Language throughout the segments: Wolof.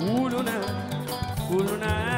wóolu naa wóolu naa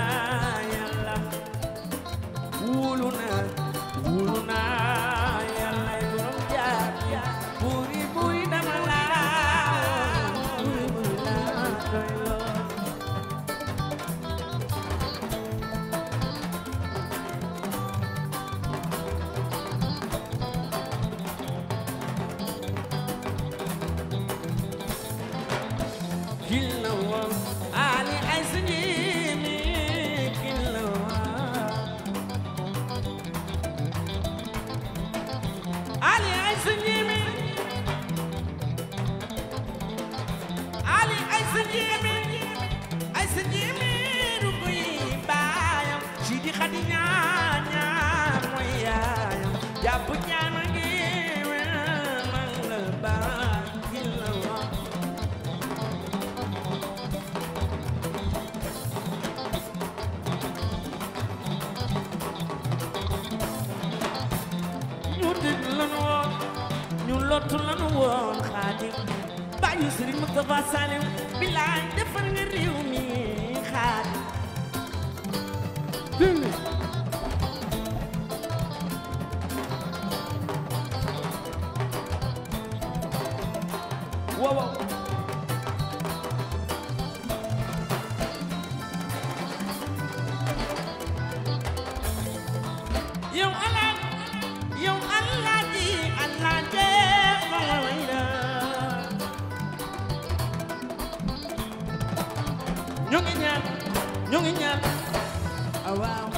ñaan waaw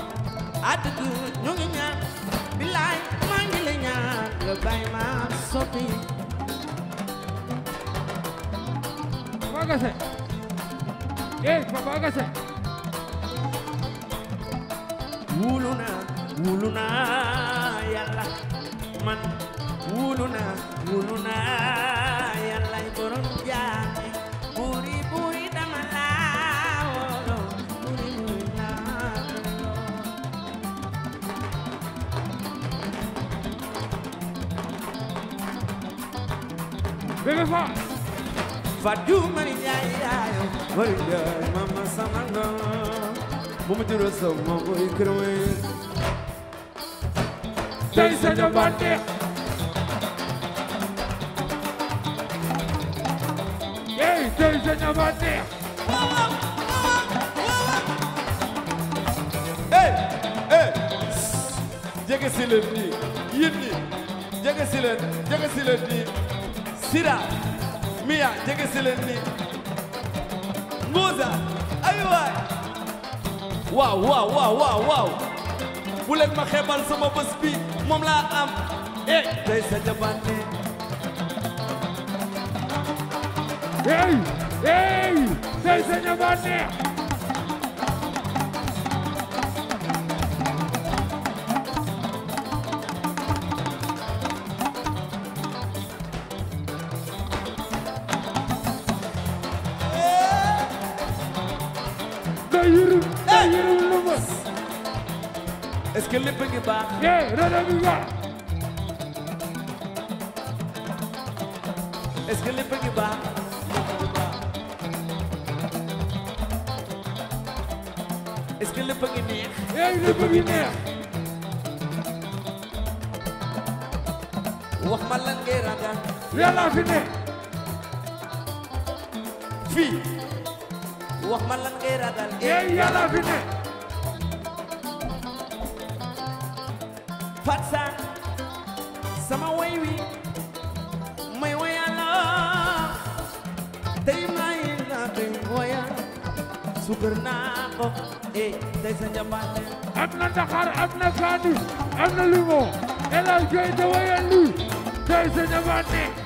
àdduna ñu ngi maa ngi lay ñaan nga bàyyi ma soppi Papa Agassé eh Papa Agassé wulu naa wulu naa yàlla man wulu naa wulu naa bébé Fall Fatou Mari Njaay yaayo Mari Njaay mama sama doom bu mu jural sa moom mooy kërëwe tey sa jabante yey tey sa jabante hey hey jege si leen nii yéen nii jege si leen jege si leen nii sira miya jege si ni nguusa ay waaw waaw waaw waaw waaw bu leen ma xeebal moom laa am eh tey sa jabaan ni hey hey tey sa jabaan ni que lépp a ngi baax. eh rajo bi baax. est-ce que lépp a ngi a a wax ma lan ragal. yàlla fi wax ma lan ragal. eh yàlla Pat Sarr sama way wi may waya la tey may na tey waya suukar naa ko eh tey sa njambaane am na ndaxar am na kaani am na limo El Hadj Gueye te waya lii tey sa njambaane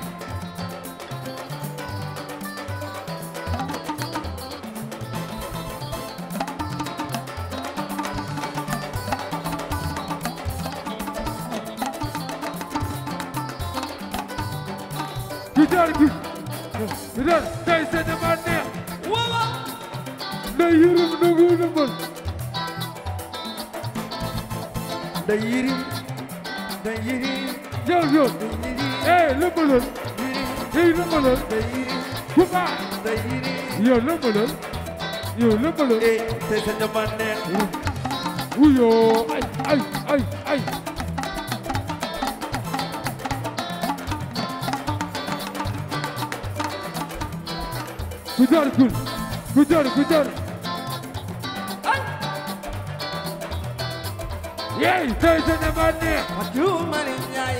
da yiri da yiri jël yoon da yiri kuba da yiri yow lëmbalal yow lëmbalal eh ay ay ay ay Gudar gul, gudar gudar yéy tey dana ma neex ma duumali ñaay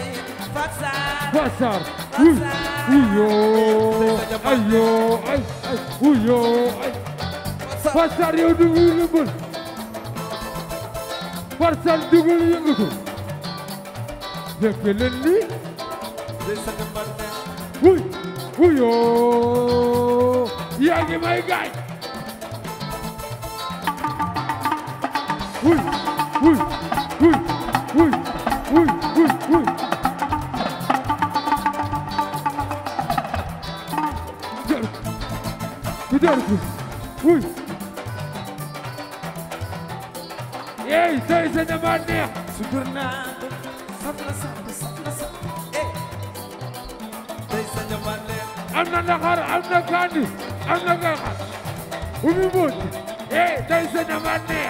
fasar uyoo ayoo ay ay uyoo ay fasar yow dugul yëngul fasar dugul yëngutu dëkk leen li uyoo yaa may gaay dörfü. Uy. Ey teyze ne var ne? Süpürlen. Safla safla safla safla. Ey. Teyze ne var ne? Amna nahar, amna kani, amna gahar. Umi bot. Ey teyze ne var ne?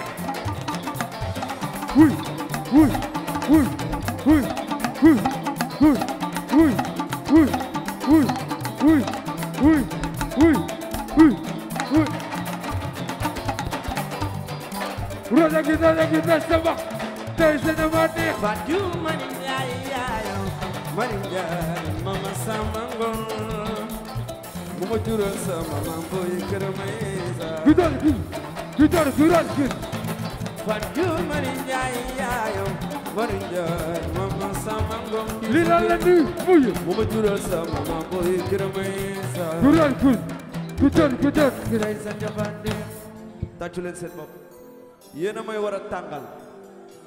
Uy. Uy. la sa wax tey dana ma neex Fatou Mani Ndiaye yaayam Mani Ndiaye mu ma jural sama ma jural sama kër Maysa jural fi jutal jutal jural sa jabande tàccu leen seen bopp yéen a may war a tàngal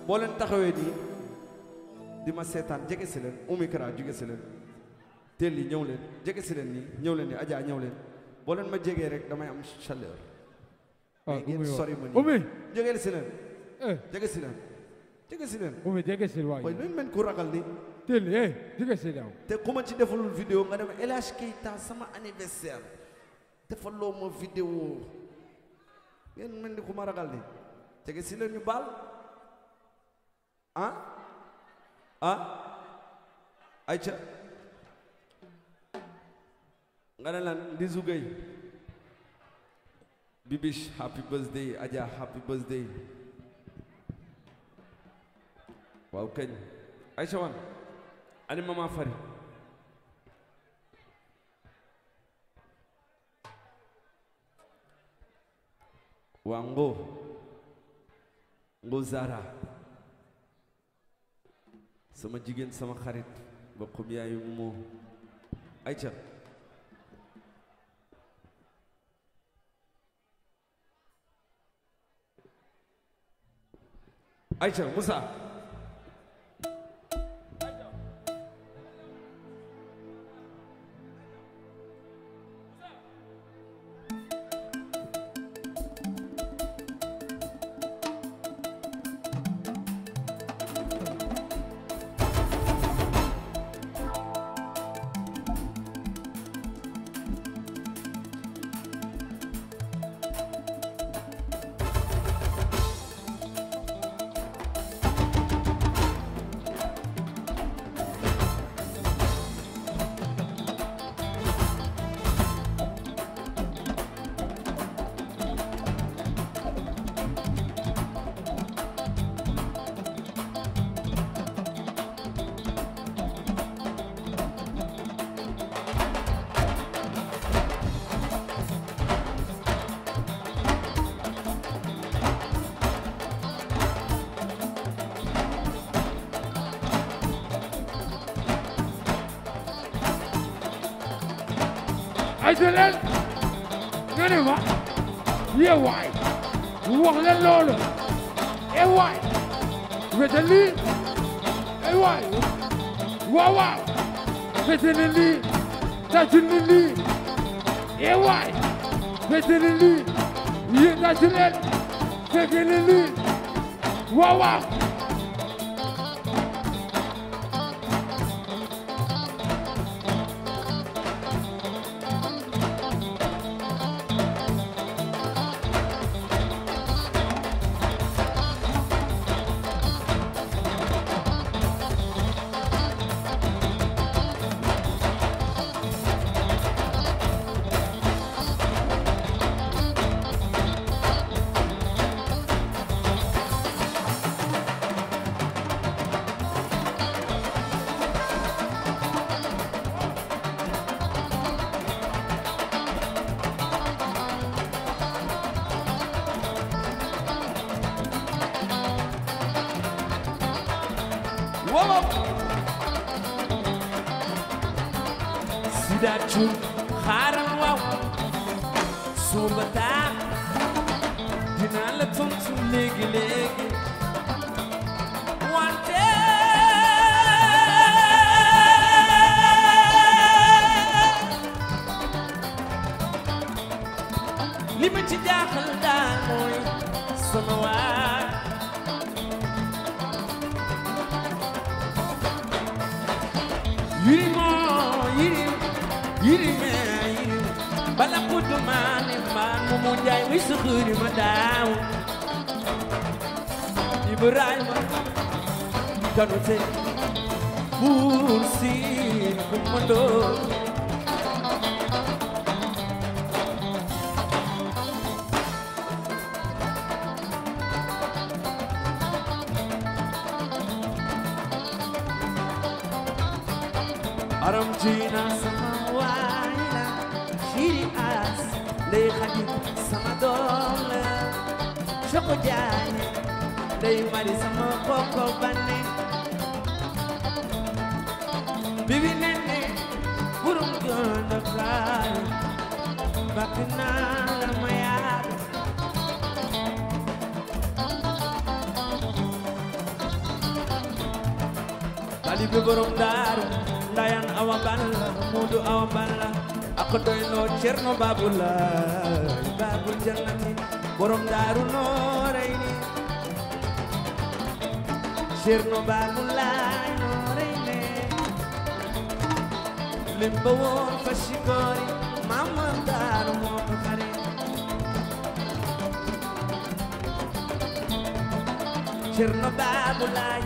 boo leen taxawee nii di ma seetaan jege si leen umikara jege si leen teel yi ñëw leen jege si leen nii ñëw leen yi ajaa ñëw leen boo leen ma jegee rek damay am chaleur ah, waaw ngeen sori ma nii umi jegeel si leen eh. jege si leen jege si leen umi jege si waay luñ mel ku ragal ni teel li eh jege si daaw te ku ma ci defalul vidéo nga dem El Hadj Keita sama anniversaire defaloo ma vidéo ngeen mel ni ku ma ragal ni tege si leen ñu baal ah ah ayca nga ne lan Lizu Gueye Bibiche happy birthday Adja happy birthday waaw kañ ayca wan ani mama fari wango Nguzara sama jigéen sama xarit mbokkum yaayu moo ayca ayca Moussa ay te leen nga ne ma yee waay wax leen loolu e waay wete lii e waay waaw waaw wete ne lii tàccu ne lii e waay wete ne lii yee tàccu leen fekk ne lii waaw waaw mi sukuri ma daaw Ibrahima danute buur siin kumandoo ko jaay day mari sama koko banne bibi nenne burum jondo kaay bakk naa la ma yaar talibe borom daaru ndayan awa balla muudu awa balla ak doy loo cerno baabul laay baabul jannati borom daaru noo Cerno Bamulaay nooray leen limba woon fa sikoori maamam daaru moo ko xare Cerno Bamulaay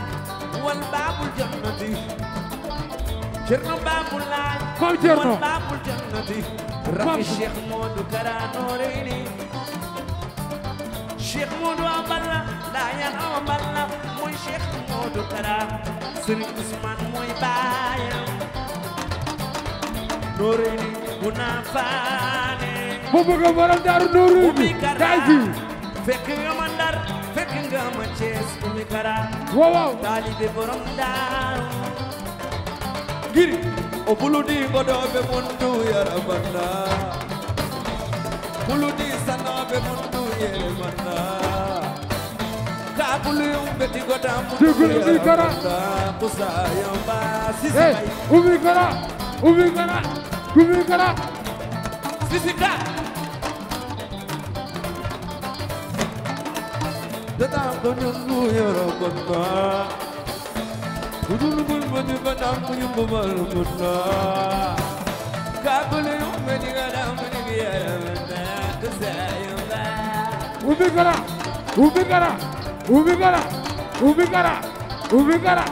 wal baabul jannati Cerno Bamulaay wal baabul jannati rabbi Cheikh Modou Kara nooray leen Cheikh Modou Amballa Ndayane Amballa mooy Cheikh Modou Kara Serigne Ousmane mooy baayam Noorini bu naa faane bu bëgg borom daaru Noorini fekk nga ma Ndar fekk nga ma Thiès Oumy Kara waaw waaw taalibe borom daaru giri o buludi goɗoɓe mon du yarabanna buludi Digul Oumy Kara Hey Oumy Kara Oumy Kara Oumy Kara Sisi Ka Dadam ko ñungu yoro konna Budul bul budi badam ko ñungu bal konna Ka ko le yum me diga dam ni biya man ta ko sayo ubbi gara ubbi gara ubbi gara ubbi gara ubbi gara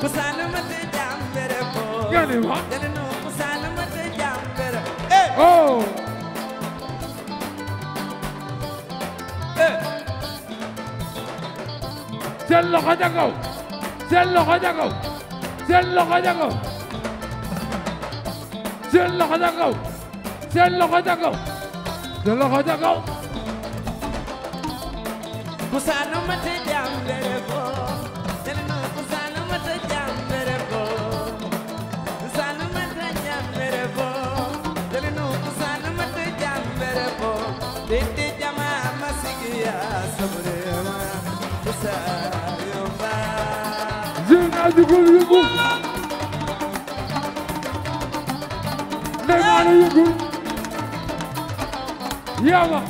kusalumata jambere boy ngani wax dana no kusalumata jambere eh oh eh seen loxo ja kaw seen ja kaw seen loxo ja kaw seen loxo ja kaw seen loxo ja kaw seen loxo ja kaw Zeyna yëgul yëgul Zeyna yëgul yawa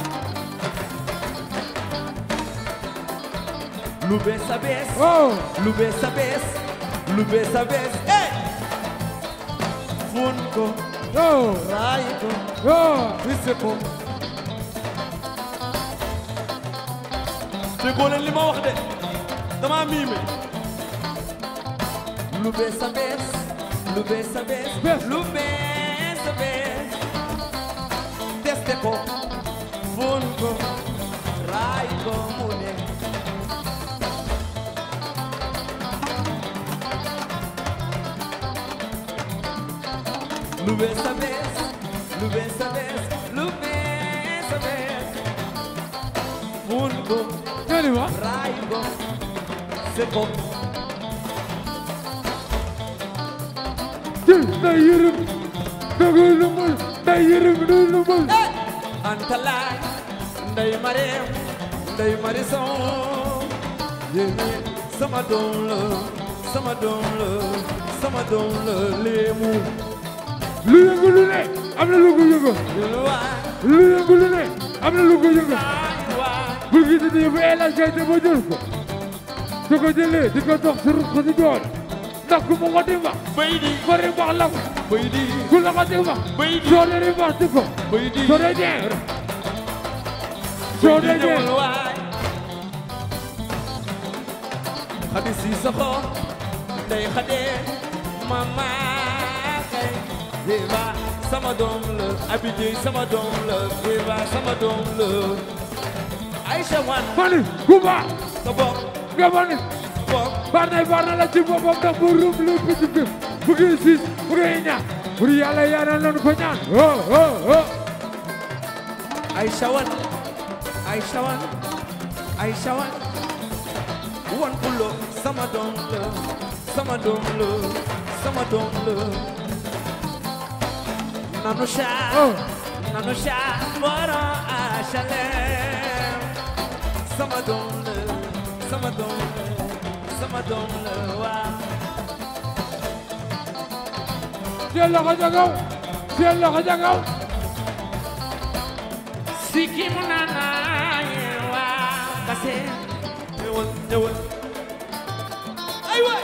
lu bees a bees lu bees a bees lu bees a bees eh fun ko raay ko wisse ko déggoo leen li ma wax de dama miime lu bees a bees lu bees a bees lu bees a bees testé ko fóon ko raay ko mu ne lu bees a bees lu bees a bees lu bees a bees fóon ko Venez voir. C'est bon. Anta laay nday mareem nday mari sow yéen sama doom la sama doom la sama doom la léemu lu yëngu lu ne am na lu ko yëngu lu ne am na lu ko yëngu bëgg dinañu fa El Hadj Aïda ba jël ko su ko jëlee di ko dox si ruq di joon ndax ku mu wati wax bay di ko ri wax la ko bay di ku la wati wax bay di soo le ri wax di ko bay di soo de jeer soo de jeer xadi si saxo day xadee mama kay sama doom la Abidjan sama doom la Deva sama doom la mani Kumba nga mani barna la ci boppam ndax bu rum lu piti fi bu ngi siis bu ngi ñaan bur yàlla ko ñaan ho ho ho Aïcha wan Aïcha wan Aïcha wan wan kulo sama doom sama doom la sama doom la sama doom la waaw. jël loxo ca kaw jël loxo ca kaw. sikkim naa naa yéen waa kase. ñëwal ñëwal. aywa.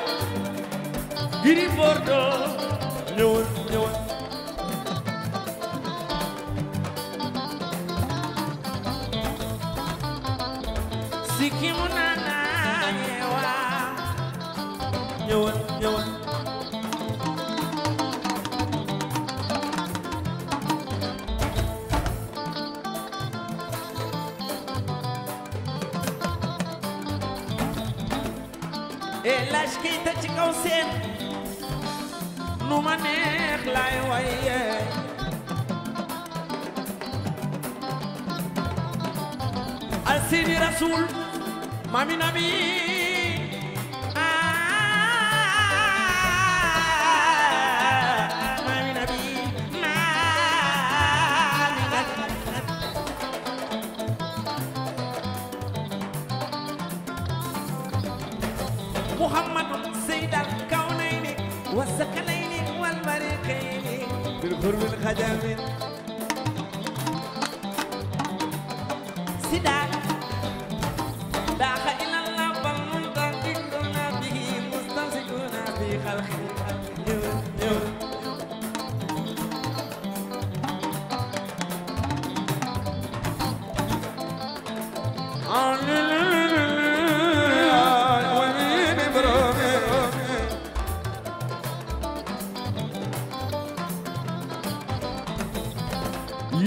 Gris Bordeaux. ñëwal ñëwal. ñëwal ñëwal e laaj kii te ci kaw seen nu ma neex laay waye asini rasul mami nabi أدم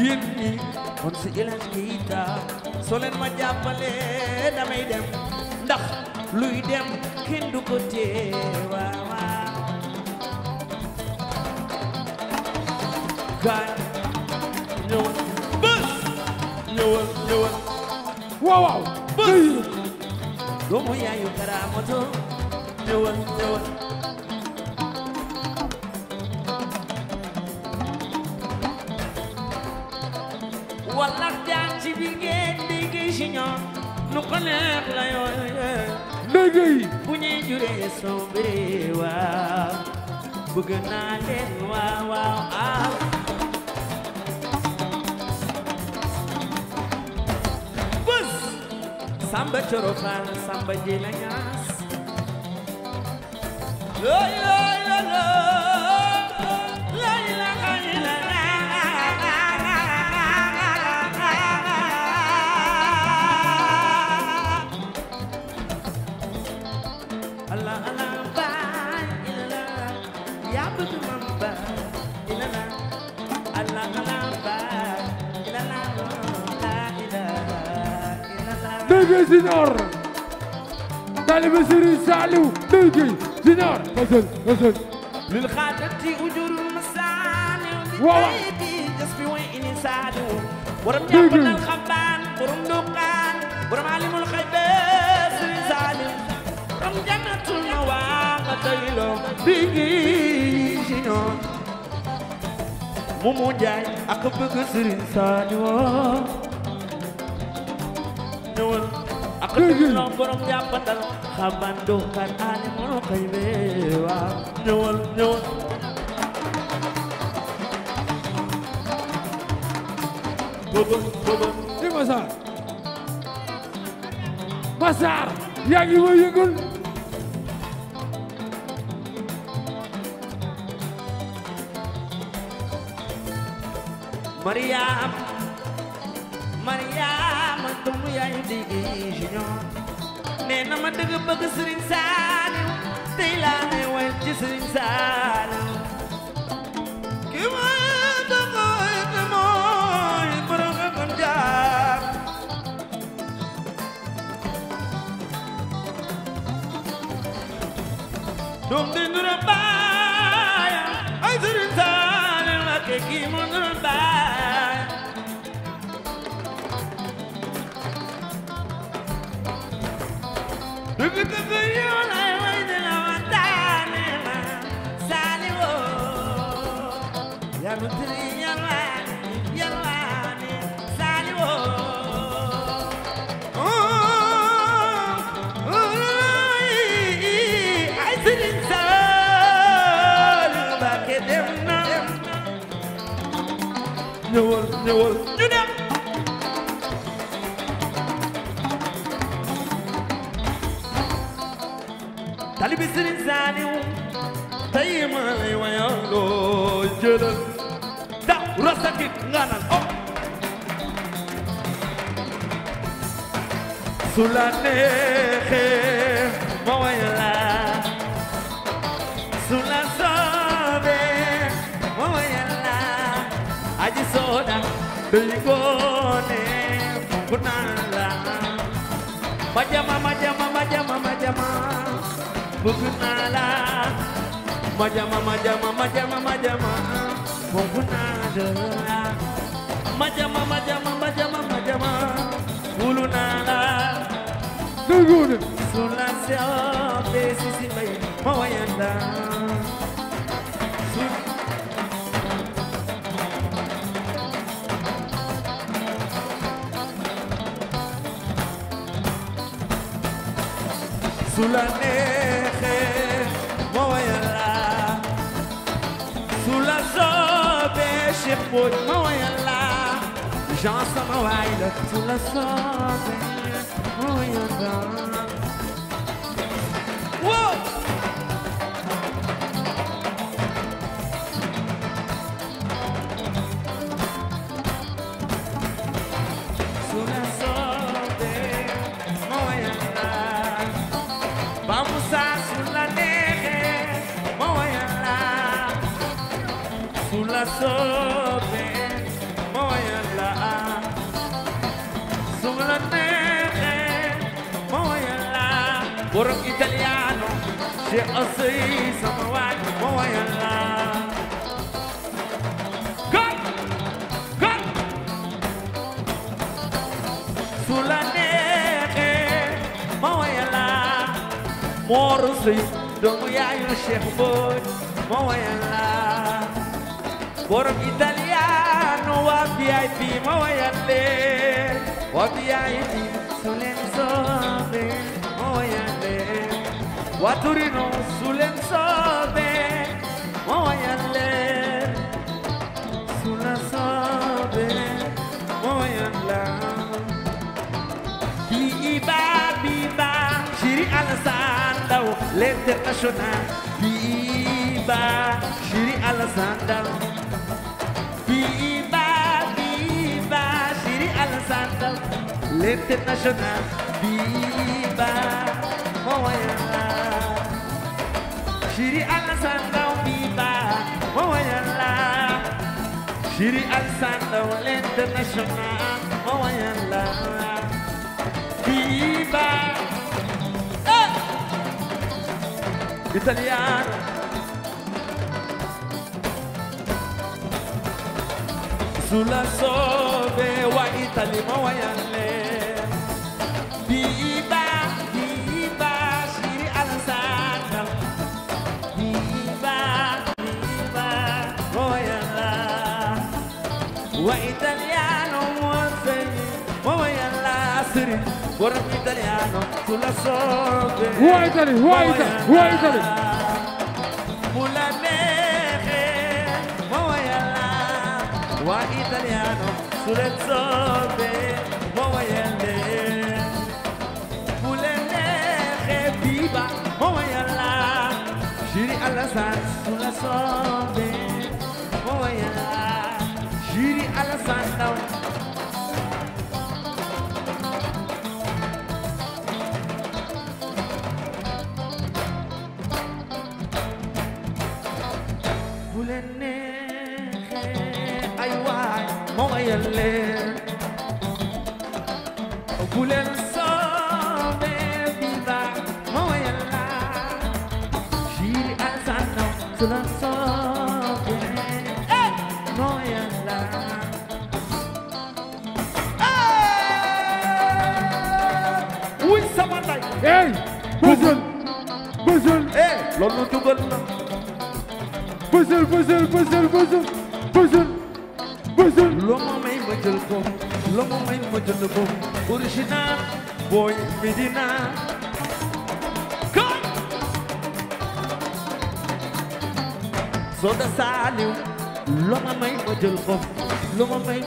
yéen ñi kon si jëleen kiita soo ma jàppale damay dem ndax luy dem kenn du ko tee waawa kaay ñëwal bës ñëwal ñëwal waaw waaw bës doomu yaayu Karamoto ñëwal ñëwal jigéen déggee si nu ko la yooyee déggee bu ñuy juree sombre waaw bëgg naa leen waaw waaw aaw samba coro samba jila ñaas looy Gueye Junior taalibe Serigne Saliou Gueye Gueye Junior masen masen lil xaadati ujurul masaani waaw jasbi way ini saadu borom jàppal xambaan borom duqaan borom alimul xaybe Serigne Saliou borom jannatul mawaqa taylo Gueye Junior Momo Njaay ak bëgg Serigne Saliou ñëwal aka delloo borom jàppandal xamando kan aani moo koy beewa ñëwal ñëwal bobo bobo di Massar Massar yaa ngi ma yëgul Mariam doomu yaayu déggee junior nee na ma dëgg bëgg Serigne Saliou tey laa may way ci Serigne Saliou ñëwal ñëwal Sëriñ Saaliw tey ma lay wayaloo jëlal da rasaki nga naan o oh. su la neexee ma wayala su la soobee ma wayala aji sooda day goone ku naan la ma jama ma jama ma jama ma jama bëgg naa la ma jama ma jama ma jama ma jama bëgg naa la ma jama ma jama ma jama ma jama wulu naa la dugudu sur la sebe sisi bay ma wayanda su la ne mbooj ma woyal la Jean sama waay la su la soobee ma woyal la wow su la soobee ma woyal la ba Musa su la neexee ma woyal la su la soobee borom italiano Cheikh oh Assis sama waay ma wayal la kon kon su la neexee ma wayal la Mor Sey doomu yaayu Cheikh Boy ma wayal la borom italiano waa VIP ma wayal leen waa VIP su leen soobee moyale waturino sulen sobe moyale sula sobe moyala biba biba shiri alazandau l'international biba shiri alazandau biba biba shiri alazandau l'international biba Sidi Alassane Ndao bi baa ma wayal la Sidi Alassane Ndao l'international ma wayal la bi baa eh italiano sulla wa Italy ma wayal Borgo italiano sulla sorte Why Italy, why Italy, why Italy Mulla mehe, moyalla Why italiano sulle sorte Moyalla Mulla mehe, viva, moyalla Giri alla sal sulla sorte Medina kon Soda ma may ma jël ko lu ma may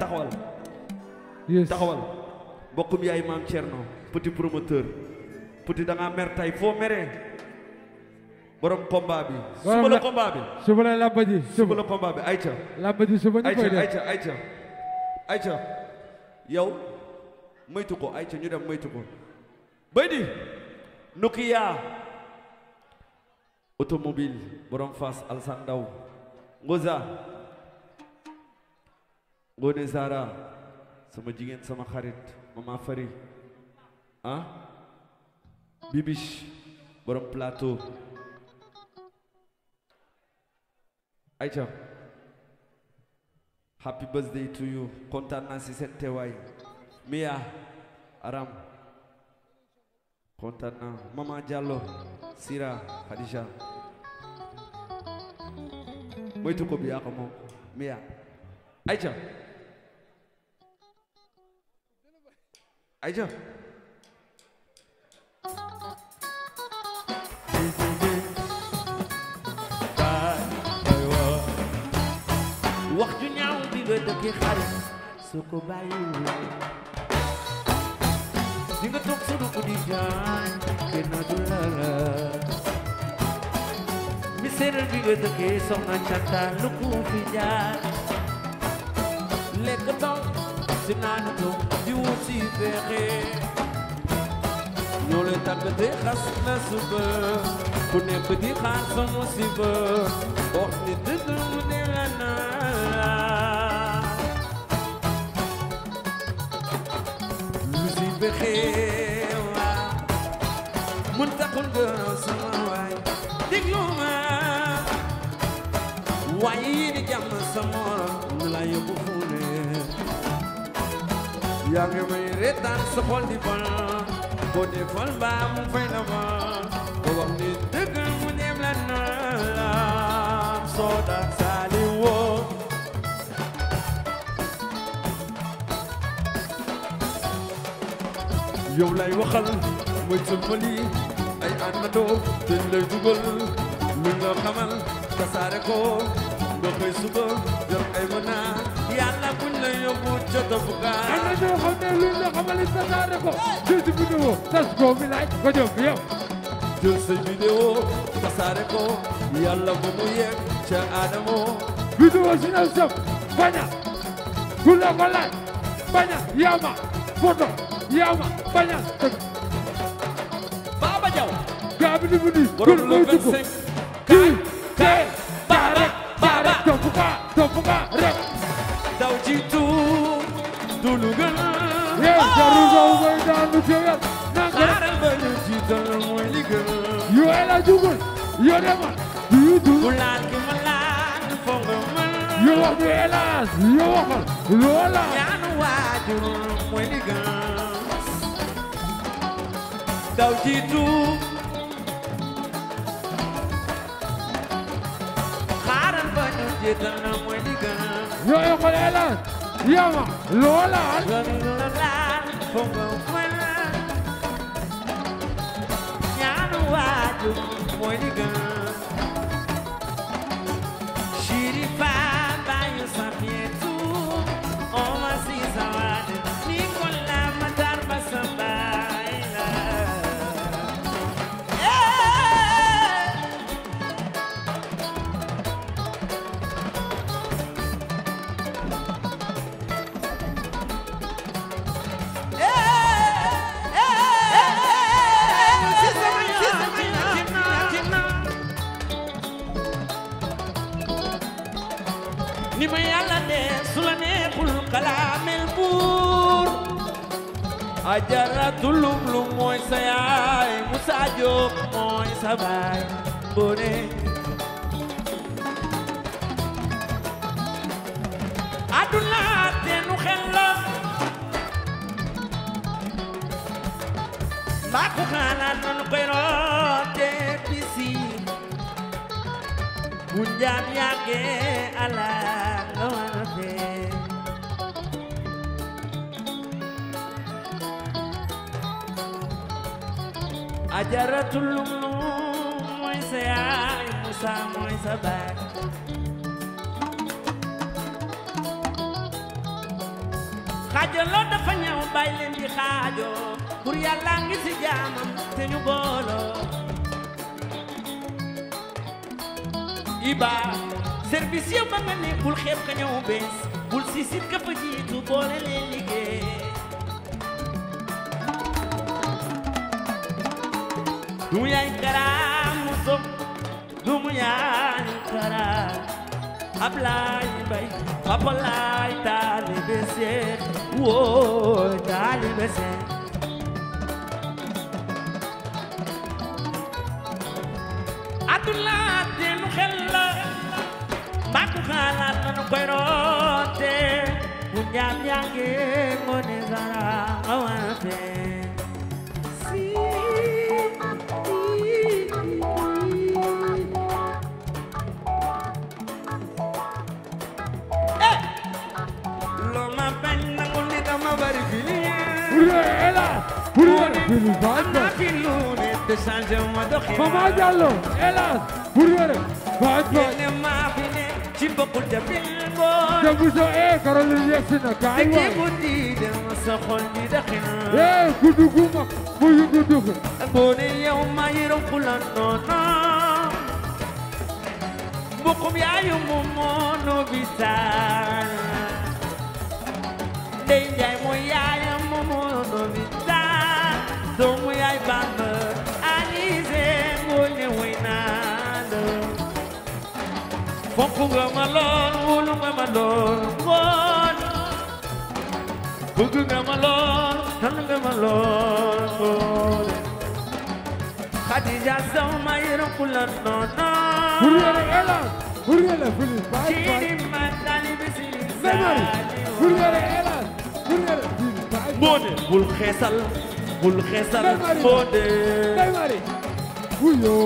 taxawal. yes taxawal. mbokkum yaay maam Thierno petit promoteur. petit da ngaa mer tay foo meree. borom combat bi. suba la combat bi. suba la làmba ji suba la combat bi ayca. làmba ji suba ñu koy def ayca ayca ayca yow moytu ko ayca ñu dem moytu ko. bay di Nokia ngoone Zara sama jigéen sama xarit mama fari ah bibiche borom plateau ayca happy birthday to you kontaan naa si seen teewaay Mia Aram kontaan naa mama Diallo Sira Khadija moytu ko bi yaa ko moom Mia ayca ayca wax ju ñaaw bi nga dëkke xarit su ko bàyyiwul di jaan kenn du la la misère bi nga dëkke soxna canta lu ko lekk dong si naan dong di wut si fexe ñoo leen tàgg te xas na suba ku nekk di xaar sa musiba wax ni dëgg mu ne la naa lu si fexe waa mun taxul nga sama waay déglu ma waaye yéen i jàmm sa yaa ngi may reetaan sa xol di bal boo defal baa mu fay la ma nga wax ni dëgg mu neem la naa soo daan saali woo yow lay waxal mooy sëmbali ay àndandoo dañ lay dugal lu nga xamal tasaare ko nga xëy suba yor ay mënaa buñ la yóbbu ca tëfukaay. am na ñoo xam ne luñ la xamali tasaare ko. jël si vidéo tas ko laaj ko jóg yow. jël sa vidéo tasaare ko yàlla bu mu yegg ca Adamo. vidéo si na sëb baña ku la laaj baña yaama photo yaama baña. Baba Diaw. gaa bi di mu di. borom le 25. tegal na nga xaaral ba ñu jiital mooy li gën yo ela jugul yo dema yu du ku laal ki ma laal wax du mooy li gën a lum lum mooy sa yaay Musa Jóob mooy sa baay Ngoné aduna te nu xel la ku xaanaat nu koy roote bisi bu njaam yàggee alaay ajaratul lum lu mooy sa yaay Musa mooy sa baay xaajaloo dafa ñëw bàyyi leen di xaajoo pour yàlla ngi jaamam te ñu booloo iba service yëpp ba nga ne ka ñëw bees bul si ka fa boole leen duyankara muso dumuyankara ablaay bay ablaay taalibe seex woo taalibe seex aduna denu xel la mbaa ku xalaat nanu koy roote bu ñaam yaa ngi ngoone sara awan fee Fini banda Mama Diallo hélas Bourguéré banda ci bokkul te la noona Mbukum yaayu mu moono bitaan Ndey Njaay mooy yaayam mu moono bitaan Bamba Alizé moo ñëwee naa la fonk nga ma lool wóolu nga ma lool ngoon bëgg nga ma lool tal nga ma lool ngoon Khadija saw ma yërëm ku la noona Burgere Filiz bye bye Kini matali bisili Zemari Burgere Elan Burgere Filiz bye bye Bone bul xeesal bul xeesal foo dee day mari wuyo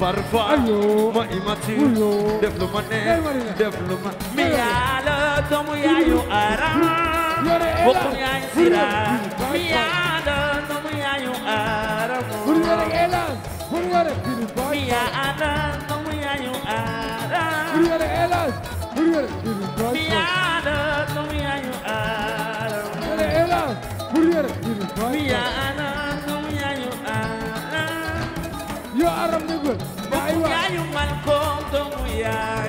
parfois ma immature def lu ma neex def lu ma mi yàlla doomu yaayu aram bokkum yaayu sira mi yàlla aram mi yàlla aram mi yàlla aram aywa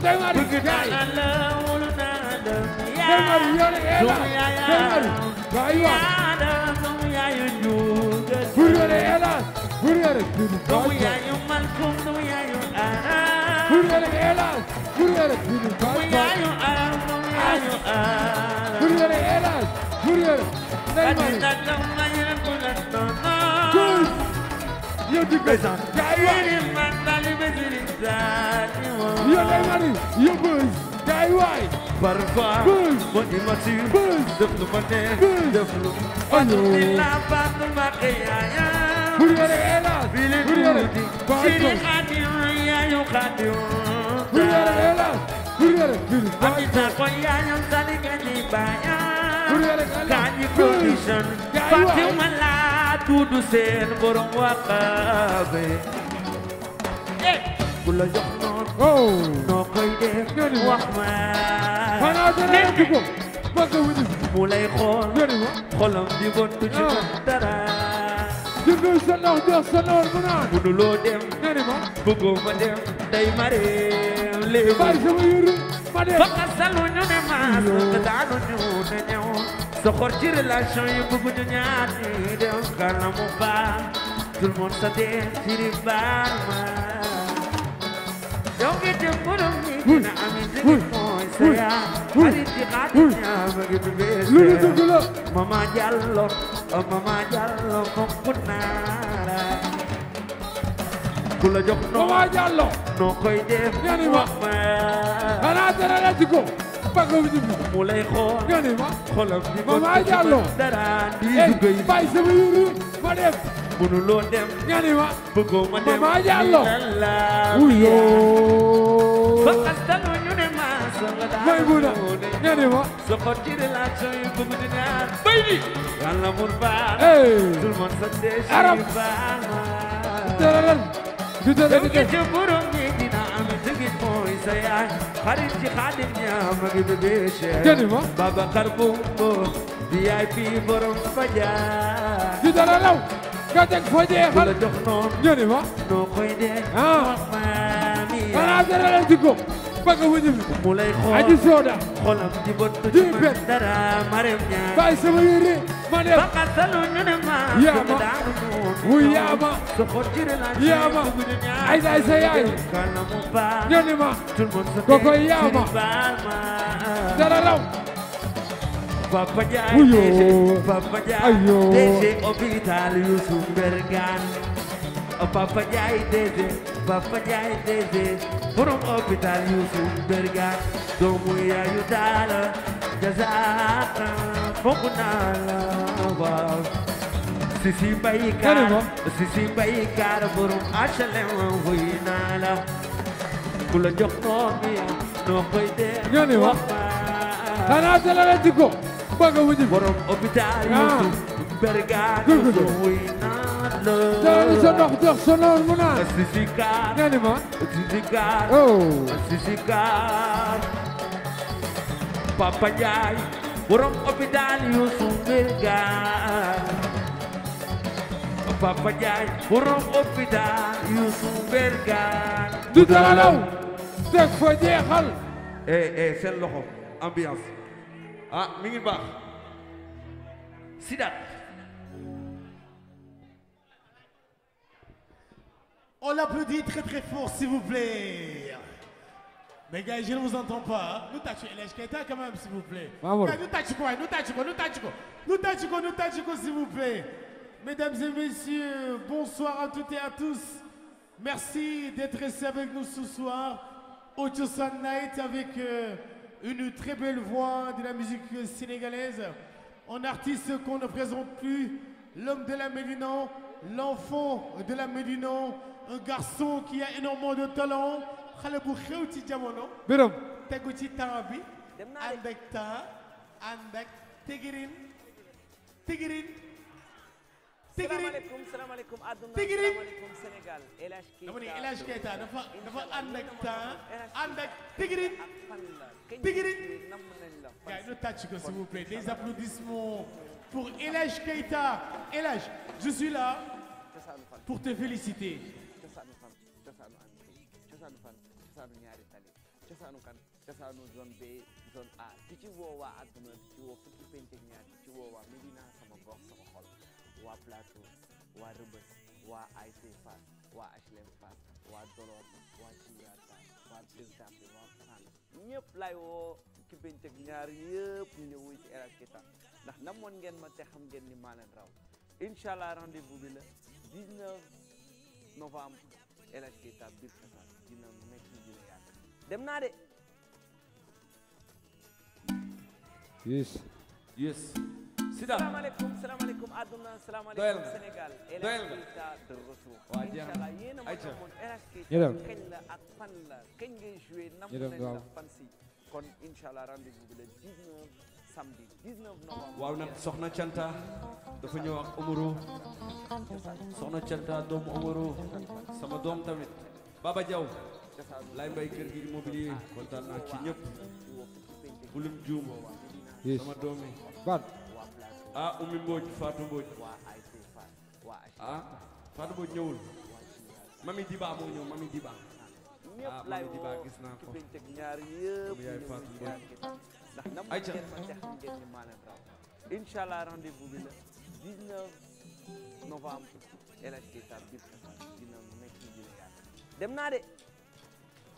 Ndeye Marie kaay Ndeye Marie yow de yéen la Ndeye Marie bur yore yéen la bur yore tuuti baax na bur yore yéen la bur yore tuuti baax na bur yore yéen la bur yore Ndeye Marie. yow di ko gaayiri man dali besiri zaati moom yow day mari yow bës gaay waay parfois bës mon immature bës def lu ma neex def lu año la batu ma kayaya buriyore elas buriyore siri xadim yayu xadim buriyore elas buriyore biri amita ko yayu sali gani baya buriyore elas kaji production Fatima la tudd seen borom waqaabe eh, ku la jox noon oh. noo koy def wax ma nen mu lay xool xolam di gontu ci ah. dara jurdu sanoor jox sanoor mu naan mënuloo dem ah. bëggoo ma dem day mare léegi bari sama yuru ma dem fa kasalu ñu ne maas daanu ñu ne ñëw soxor ci relation yu bëgguñu ñaar ñi dem kanam mu baax tout le monde s'attend ci di baal ma yow ngi dem borom ñi dina ami sigi mooy sa yaa xarit ci xaati ñaa bëgg du bees lu dëgg la mama Diallo mama Diallo fonk naa la ku la jox noo mama Diallo noo koy def wax ma xanaa dara la ci pagaw ñu fi mu lay xool nga ne ma xolam bi ko ma jàllo dara di dugay bay sama yuru ma def mënuloo dem nga ne ma bëggoo ma dem ma jàllo wuyo ba xastanu ñu ne ma sama da may bu na nga ne ma so ko ci relation yu bëgg di ñaan bay di lan la mun baa tout le monde sa dé arab dara lan du dara du mooy sa yaay xarit ci xaadim di yaay fii borom fajaar di dara law nga teg foo jeexal la jox ma noo koy dee ah. wax baga wëñu bi mu lay xool aji sooda xolam di bët dara marem ñaar bàyyi sama yére ma dem baka salu ñu ne ma yaama wu yaama so ko jire la yaama ay day sa yaay kalamu ba ñu ne ma ko ko dara raw Papa Jaay, Papa Jaay, Desde Hospital Yusuf Bergan Papa Ndiaye Désé Papa Ndiaye Désé borom hôpital Youssou Berga doomu yaayu daala jazaata foog naa la waaw Sisi Mbaye Kaar Sisi Mbaye Kaar borom HLM woy naa la ku la jox noo mi noo koy dee ñoo ni wax xanaa dala la jikko bëgg wuñu borom hôpital ah. Youssou Berga doomu sa dox jox sa noonu mu naan. Sissikar nee na ma. Sissikar. oh. Sissikar. Papa Ndiaye. borom hôpital Youssou Mbergane. Papa Ndiaye. borom hôpital Youssou Mbergane. du dara law. teg jeexal. eh eh seen loxo ambiance ah mi ngi baax Sidaat. On l'applaudit très très fort, s'il vous plaît. Mais gars, je ne vous entends pas. Nous tâchons Elège Keita quand même, s'il vous plaît. Ah Bravo. Nous tâchons, s'il vous plaît. Mesdames et messieurs, bonsoir à toutes et à tous. Merci d'être ici avec nous ce soir. Au Chosan Night avec euh, une très belle voix de la musique sénégalaise. Un artiste qu'on ne présente plus, l'homme de la Médinon, l'enfant de la Médinon. un garçon qui a énormément de talent xale bu xew ci jamono. biram tegu ci temps bi. ànd ak temps ànd ak tigirin tigirin. salaamaaleykum salaamaaleykum àdduna salaamaaleykum Sénégal. dama ni El Hadj Keita dafa dafa ànd ak temps ànd ak tigirin tigirin. gars yi ñu tàcc ko s'il vous plaît des applaudissements pour El Hadj Keita El Hadj je suis là pour te féliciter. cosaanu ñaari tali cosaanu kan cosaanu zone B zone A di ci woowaa adduna di ci woo fukki penc ak ñaar di ci woowaa Medina sama gox sama xol waa Plateau waa Rëbës waa ASC Fass waa HLM Fass waa Doloor waa Gibraltar waa Delta waa Fann ñëpp lay woo fukki penc ak ñaar yëpp ñëw ci El Hadj Keita ndax namoon ngeen ma te xam ngeen ni maa raw incha allah bi la 19 novembre El Hadj Keita biir Fass dina nekk dem naa de. yes. yes. Sida salaamaaleykum salaamaaleykum àdduna salaamaaleykum Sénégal. doyel nga waaw jeex na ayca ñu dem kañ la ak fan la kañ ngay joué nam nañ la fan si kon incha allah rendez-vous bi le 19 samedi 19 novembre. waaw nag soxna Canta dafa ñëw ak Omaro soxna Canta doomu Omaro sama doom tamit Baba Diaw. lay mbay gi immobilier kontaan naa ci ñëpp bu lim sama doomi ban ah Oumy Mbodj Fatou Mbodj ah Fatou Mbodj ñëwul mami Diba moo ñëw mami Diba ah mami Diba gis naa ko mu yaay Fatou Mbodj ayca inchallah bi la 19 dem naa de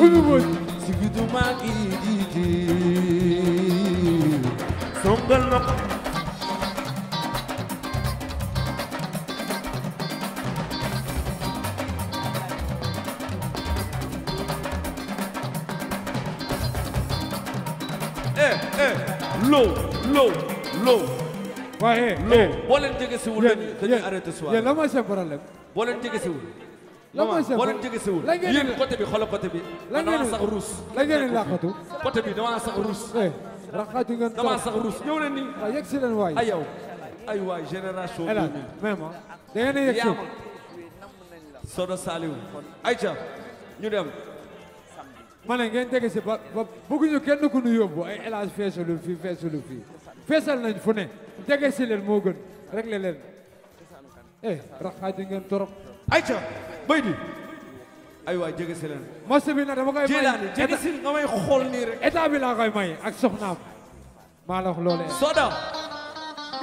uyuboy sigidu maa ngi jiiti songal ma ko eh low low low waaye low boo leen jege siwul dañuy arrêté soir yéen lan mooy seen problème boo leen jege siwul lan mooy seen boo leen jege siwul yéen côté bi xoolal côté bi. lan ngeen sax ruus. lan eh, ngeen làqatu. côté bi damaa sax ruus. raxaatu ngeen damaa sax ruus ñëw leen nii. waaw ah, yegg si leen waay. ay yow ay waay génération. El Hadj même ah. da ngeen di yegg si. Sodo ñu dem. ma ne ngeen jege si ba ba bëgguñu kenn ku ñu ay El Hadj feesalu fii feesalu fii. feesal nañ fu ne. jege si leen moo gën rek leen. eh raxaatu ngeen torop. Aïcha. bay di aywa jege si leen na dama koy may jilaani nga may xool nii rek état bi may ak soxnaam maa la loole soda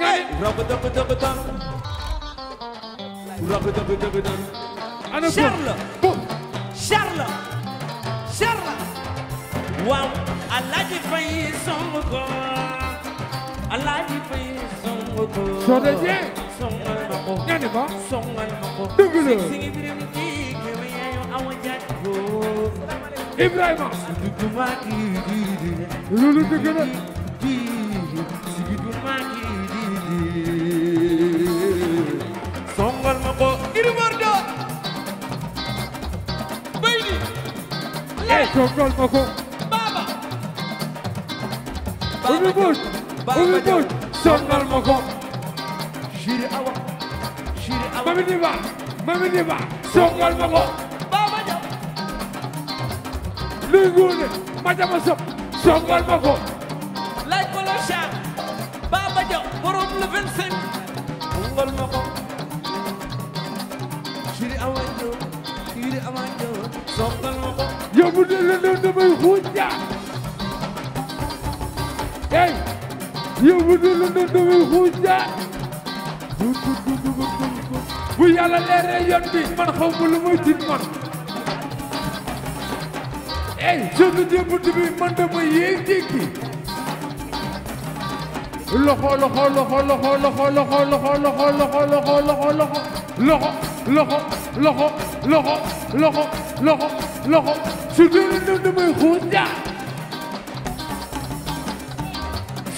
ngay rab dëgg dëgg dam rab dëgg dëgg soda jee songal ma ko ñani ba songal ma ko Ibrahima loolu dëgg la songal ma ko irmarda bayni eh songal ma ko baba ubi bot ubi bot songal ma ko shiri awa shiri awa mami diba mami diba songal ma ko luy wuune ma dama sop ma ko laaj ma loo caar Baba Dia borom le 25 songal ma ko ciri amanjo ciri amanjo songal ma ko yóbbu de la doon damay xuuja ey yóbbu de la doon damay xuuja bu yàlla leeree yoon bi man xaw muy tiit man sunu jëmbat bi man dama yéeg jékki loxo loxo loxo loxo loxo loxo loxo loxo loxo loxo loxo loxo loxo loxo loxo loxo loxo loxo loxo su dee na damay xuus jaar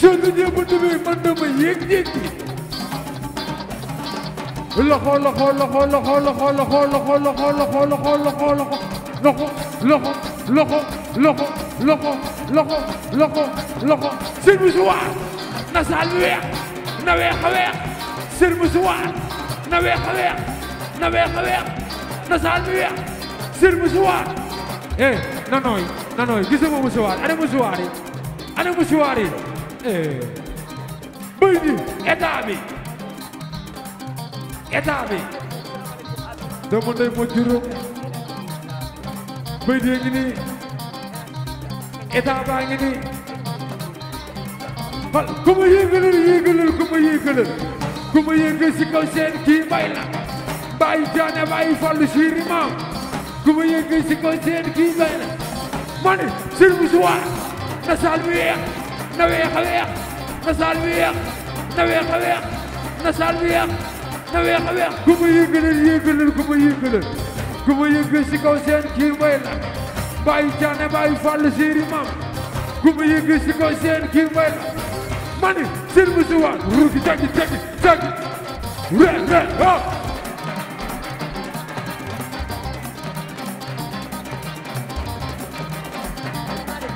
sunu jëmbat bi man dama yéeg jékki loxo loxo loxo loxo loxo loxo loxo loxo loxo loxo loxo loxo loxo loxo loxo loxo loxo loxo loxo sër bu suwaar na saal bi weex na weex a weex sër bu suwaar na weex a weex na weex a weex na saal bi weex sër bu suwaar eh na nooy na nooy gisuma mu mu suwaar yi ana mu suwaar yi eh bëy bi état bi doomu ndey moo juróom bëjee ngi nii état baa ngi nii xal ku ma yëngalal yëngalal ku ma yëngalal ku ma yëngal si kaw seen kii mbay la bàyyi jaane bàyyi fàllu siiri maam ku ma yëngal si kaw seen kii mbay la ma ne sëñ bi suwaar na saal bi weex na weex a weex na saal bi weex na weex a weex na saal bi weex na weex a weex ku ma yëngalal yëngalal ku ma yëngalal ku mu yëg si kaw seen kiir mooy lan Baye Thiané Baye Fall Siri Mam ku mu si kaw seen kiir mooy mani sir si waat ruugi jagi jagi jagi re re ha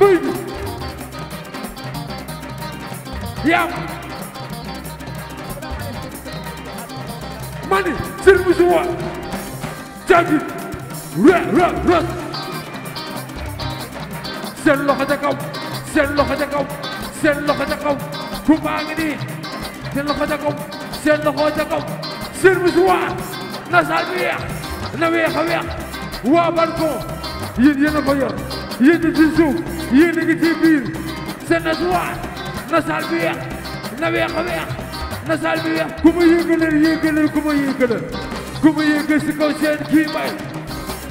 baby yam mani sir si waat jagi seen loxo ca kaw seen loxo ca kaw seen loxo ca kaw Touba ngi nii seen loxo ca kaw seen loxo ca kaw seen musuwaar na saal bi weex na weex a weex waa Barko yéen yéen a ko yor yéen a ci suuf yéen a ngi ci biir seen musuwaar na saal bi weex na weex a weex na saal bi weex ku ma yéegalal yéegalal ku ma yéegalal ku ma yéegal si kaw seen kii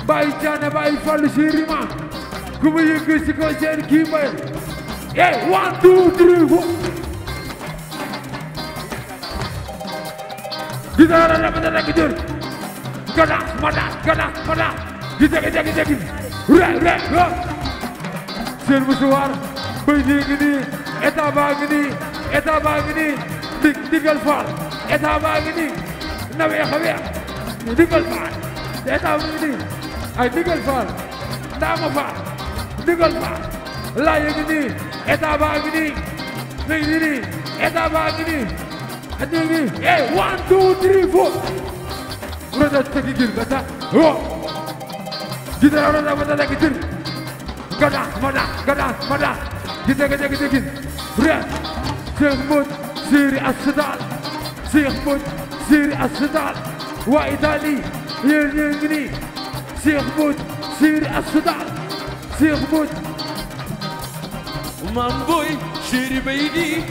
Baye Thiané Baye Fallou Sirima ku mu yëngu si ko seen kii mbay eh one two three four di dara la bada rek jër gada mada gada mada di jegi jegi jegi re re re seen musuwaar bay ngi nii état baa ngi nii état baa ngi nii dig digal faal état baa ngi nii na weex a weex digal faal état baa ngi nii ay ndigal faal ndaama faal ndigal faal laay ngi nii état baa ngi nii mi ngi nii état baa ngi nii andi ngi eh one two three four roda tegi gir gata wo gita roda mata tegi gir gata mata gata mata gita gita gita gir re Cheikh Mbodj Siri Assidal Cheikh Mbodj Siri Assidal waa Italie yéen yéen ngi nii سير موت سير الصداع سير موت مامبوي شيري بيدي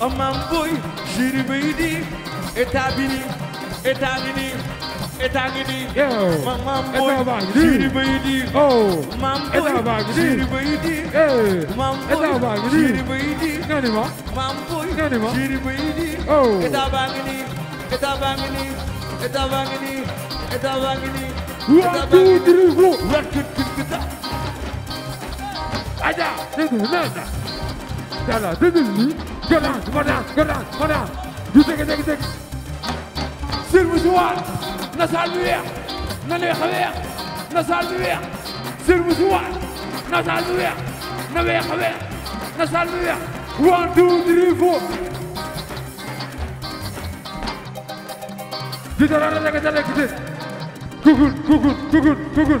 مامبوي شيري بيدي اتابيني اتابيني اتابيني مامبوي شيري بيدي او مامبوي شيري بيدي مامبوي شيري بيدي نانيما مامبوي نانيما شيري بيدي او اتابيني اتابيني اتابيني اتابيني وأدودره وركن بالكدا أنا ددهنانا دانا ددلي جلان منا جلان منا يدك دك دك سير مسوار نسال بيح نلي خبيح نسال بيح سير مسوار نسال بيح نبي خبيح نسال بيح 1 2 3 4 جدر على لك تلك kukun kukun kukun kukun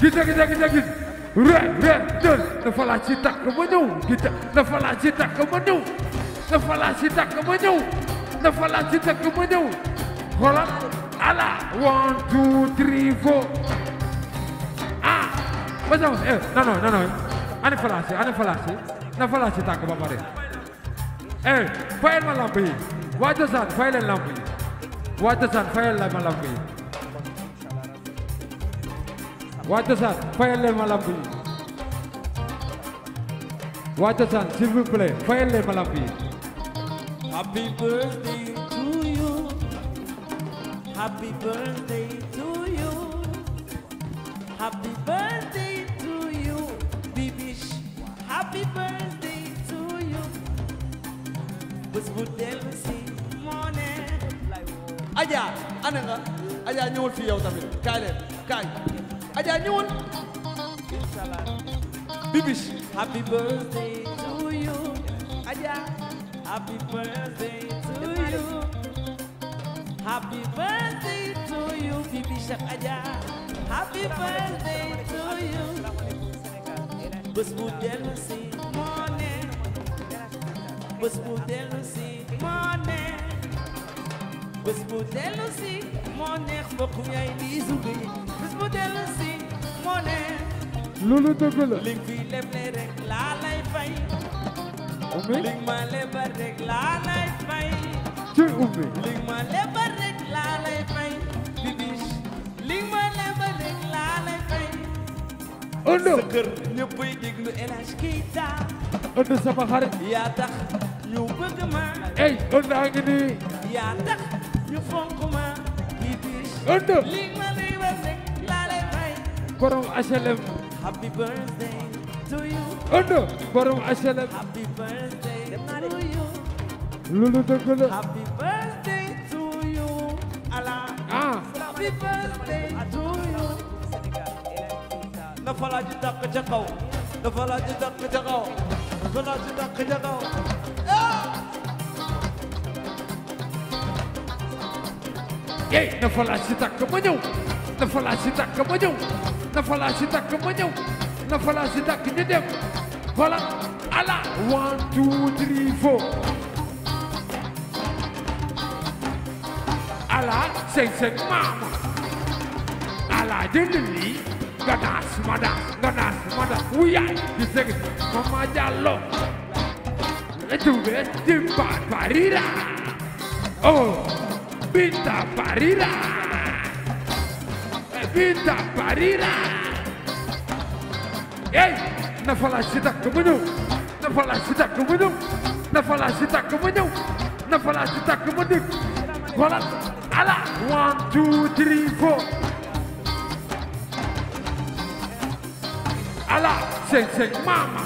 gita gita gita gita re re dël dafa laa ci takk ma ñëw gita dafa laa ci takk ma ñëw dafa laa ci takk ma ñëw dafa laa ci takk ma ñëw xoolal ala one two three four ah ma ñëw eh non non non non ani falaasi ani falaasi na falaasi takk ba pare eh fayal ma lamp yi waa cosaan fayal leen lamp yi waa cosaan fayal ma lamp yi waa cosaan fayal leen ma lamp yi waa cosaan leen ma lamp happy birthday to you happy birthday to you happy yow tamit kaay leen kaay Aja ñuul inshallah bibis happy birthday to you Aja happy birthday to you happy birthday to you bibis Aja happy birthday to you bés bu dellu si moo ne bés bu dellu si moo ne bés bu dellu si moo ne mbokk yaay di subi bu dellu si moo ne loolu dëgg la li ma lebal rek laa lay fay ci ummi li ma lebal rek laa lay fay sa kër yaa tax ñu bëgg ma ey ondo a nii yaa tax ñu fonk ma bibiche ondo li ma lebal rek borom HLM. happy birthday to you. Ondo borom HLM. happy birthday to you. loolu dëgg la. happy birthday to you. ala. ah. happy birthday to you. dafa laaj dàq ca kaw. dafa laaj dàq ca kaw. dafa laaj dàq ca kaw. yey dafa laaj si tàkk ma ñëw. dafa laaj si tàkk ma ñëw. na falaas yi takk ma ñëw na falaas yi takk ñu dem voilà ala one two three four maama ala jëndil lii nga naas ma daas nga naas ma daas wu yaay di sëg mama jàllo dube di pa parira oh binta parira Binta Barira ey na fala si takk mu ñëw na fala si takk mu ñëw na fala si takk mu ñëw na fala si takk mu dikk xoolal ala one two three four ala sëñ sëñ maama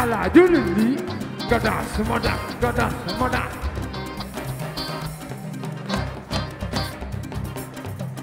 ala jullit bi nga daas moo daas nga daas moo daas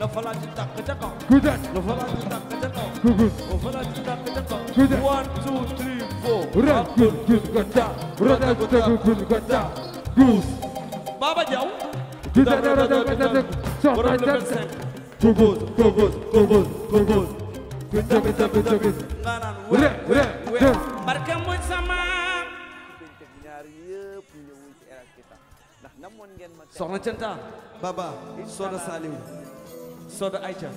Nafala ci tàkk ca kaw. Good day. Nafala ci tàkk ca kaw. Good good. Nafala ci tàkk ca kaw. Good day. One two three four. Red good Baba Diaw. Good day red Soda Aïcha